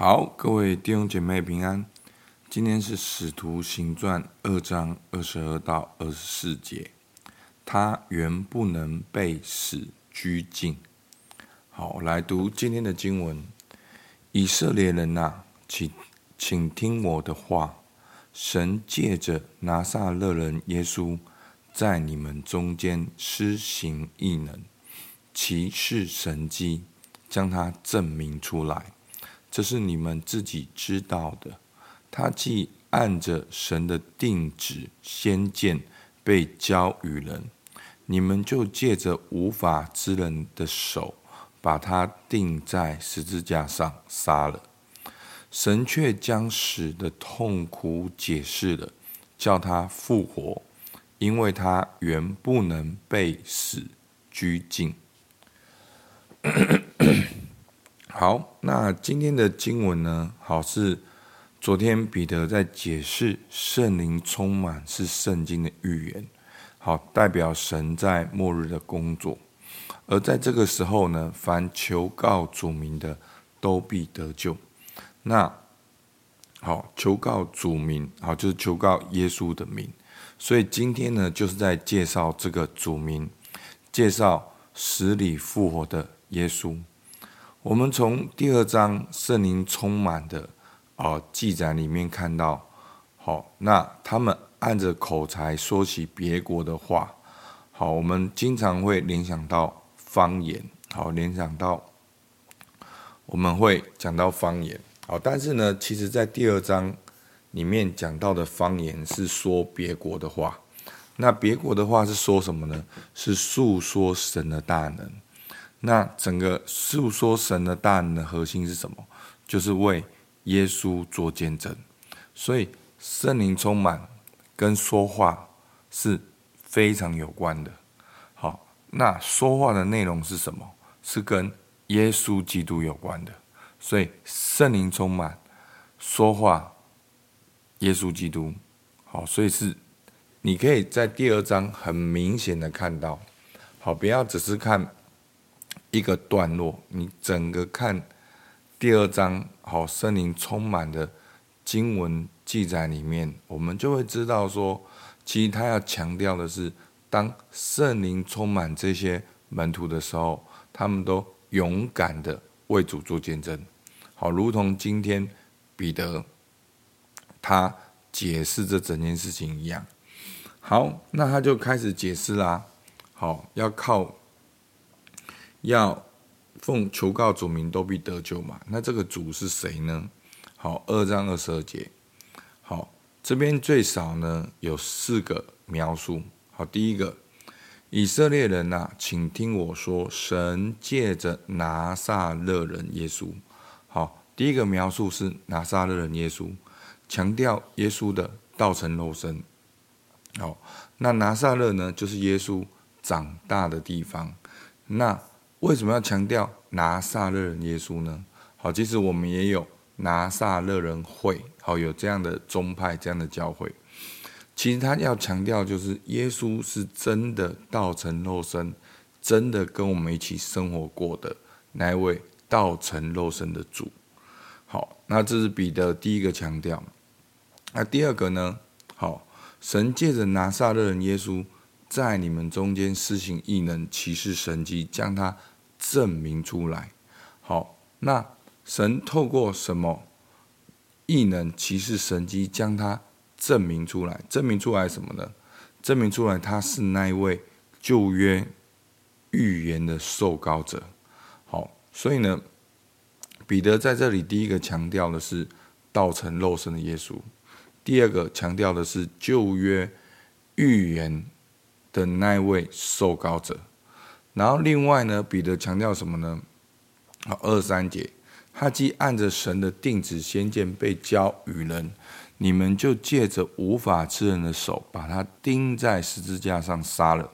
好，各位弟兄姐妹平安。今天是《使徒行傳》二章二十二到二十四節，他原不能被死拘禁。好，來讀今天的經文：以色列人吶、啊，請請聽我的話，神借着拿撒勒人耶穌，在你們中間施行異能、奇事、神蹟，將他證明出來。這是你們自己知道的。他既按着神的定旨先見被交與人，你們就借着無法之人的手，把他釘在十字架上殺了。神卻將死的痛苦解釋了，叫他復活，因為他原不能被死拘禁。 好，那今天的經文呢，好，是昨天彼得在解釋聖靈充滿是聖經的預言，好，代表神在末日的工作。而在這個時候呢，凡求告主名的都必得救。那好，求告主名，好就是求告耶穌的名。所以今天呢，就是在介紹這個主名，介紹死裡復活的耶穌。我們從第二章聖靈充滿的啊記載裡面看到，好，那他們按着口才說起別國的話，好，我們經常會聯想到方言，好，聯想到我們會講到方言，好，但是呢，其實在第二章裡面講到的方言是說別國的話，那別國的話是說什麼呢？是述說神的大能。那整個述說神的大能的核心是什麼？就是為耶穌做見證，所以聖靈充滿跟說話是非常有關的。好，那說話的內容是什麼？是跟耶穌基督有關的。所以聖靈充滿說話，耶穌基督。好，所以是，你可以在第二章很明顯的看到。好，不要只是看。一個段落，你整個看第二章，好，聖靈充滿的經文記載裡面，我們就會知道說，其實他要強調的是，當聖靈充滿這些門徒的時候，他們都勇敢的為主做見證，好，如同今天彼得他解釋這整件事情一樣。好，那他就開始解釋啦，好，要靠。要奉求告主名都必得救嘛？那這個主是誰呢？好，二章二十二節。好，這邊最少呢有四個描述。好，第一個，以色列人吶、啊，請聽我說，神借着拿撒勒人耶穌。好，第一個描述是拿撒勒人耶穌，強調耶穌的道成肉身。好，那拿撒勒呢，就是耶穌長大的地方。那為什麼要強調拿撒勒人耶穌呢？好，其實我們也有拿撒勒人會，好，有這樣的宗派、這樣的教會。其實他要強調，就是耶穌是真的道成肉身，真的跟我們一起生活過的那一位道成肉身的主。好，那這是彼得第一個強調。那第二個呢？好，神借着拿撒勒人耶穌。在你們中間施行異能、奇事、神蹟，將他證明出來。好，那神透過什麼異能、奇事、神蹟將他證明出來？好，那神透過什麼異能、奇事、神蹟將他證明出來？證明出來什麼呢？證明出來他是那一位舊約預言的受膏者。好，所以呢，彼得在這裡第一個強調的是道成肉身的耶穌，第二個強調的是舊約預言.的那位受膏者，然後另外呢，彼得強調什麼呢？好，二三節，他既按着神的定旨先見被交與人，你們就借着無法之人的手，把他釘在十字架上，殺了。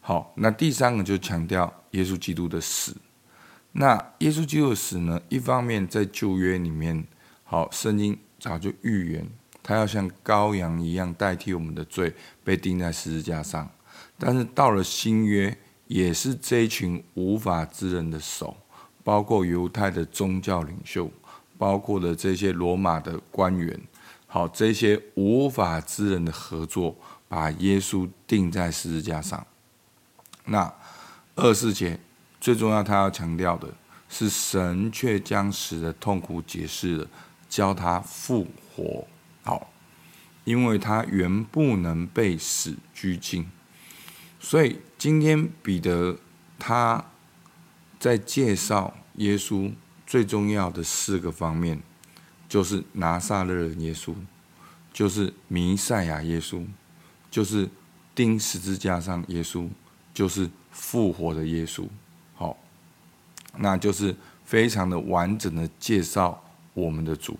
好，那第三個就強調耶穌基督的死。那耶穌基督的死呢？一方面在舊約裡面，好，聖經早就預言他要像羔羊一樣代替我們的罪，被釘在十字架上。但是到了新約，也是這一群無法之人的手，包括猶太的宗教領袖，包括了這些羅馬的官員，好，這些無法之人的合作，把耶穌釘在十字架上。那二四節最重要，他要強調的是，神卻將死的痛苦解釋了，叫他復活，好，因為他原不能被死拘禁。所以今天彼得他，在介紹耶穌最重要的四個方面，就是拿撒勒耶穌，就是彌賽亞耶穌，就是釘十字架上耶穌，就是復活的耶穌。好，那就是非常的完整的介紹我們的主。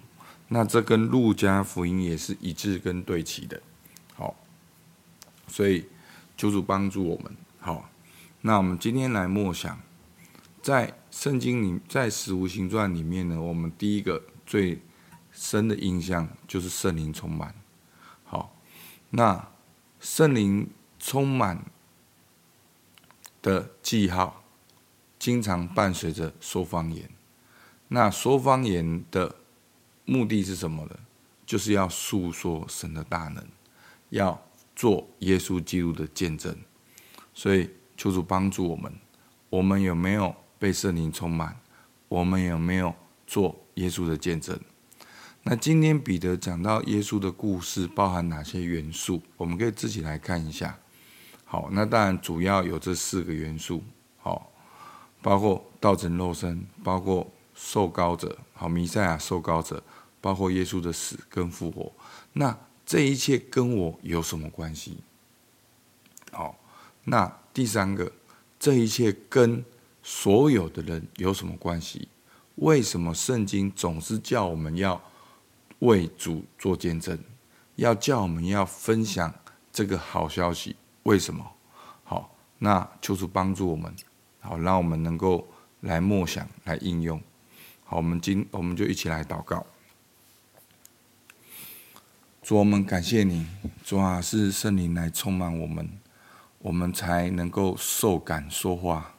那這跟路加福音也是一致跟對齊的。好，所以。求主幫助我們。好，那我們今天來默想，在聖經裡，在使徒行傳裡面呢，我們第一個最深的印象就是聖靈充滿。好，那聖靈充滿的記號，經常伴隨着說方言。那說方言的目的是什麼呢？就是要述說神的大能，要。做耶穌基督的見證，所以求主幫助我們。我們有沒有被聖靈充滿？我們有沒有做耶穌的見證？那今天彼得講到耶穌的故事，包含哪些元素？我們可以自己來看一下。好，那當然主要有這四個元素。好，包括道成肉身，包括受膏者，好，彌賽亞受膏者，包括耶穌的死跟復活。那。這一切跟我有什麼關係？好，那第三個，這一切跟所有的人有什麼關係？為什麼聖經總是叫我們要為主做見證，要叫我們要分享這個好消息？為什麼？好，那就是幫助我們，好，讓我們能夠來默想、來應用。好，我們今我們就一起來禱告。主，我們感謝你，主啊，是聖靈來充滿我們，我們才能夠受感說話，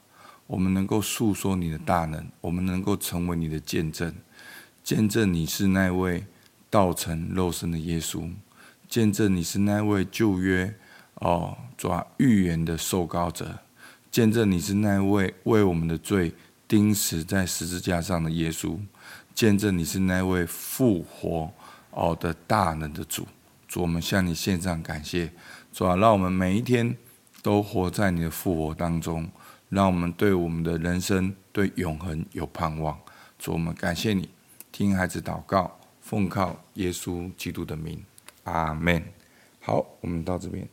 我們能夠述說你的大能，我們能夠成為你的見證，見證你是那位道成肉身的耶穌，見證你是那位舊約哦，主啊，預言的受膏者，見證你是那位為我們的罪釘死在十字架上的耶穌，見證你是那位復活。哦，的大人的主，主，我們向你獻上感謝，主啊，讓我們每一天都活在你的復活當中，讓我們對我們的人生對永恆有盼望，主，我們感謝你，聽孩子禱告，奉靠耶穌基督的名，阿門。好，我們到這邊。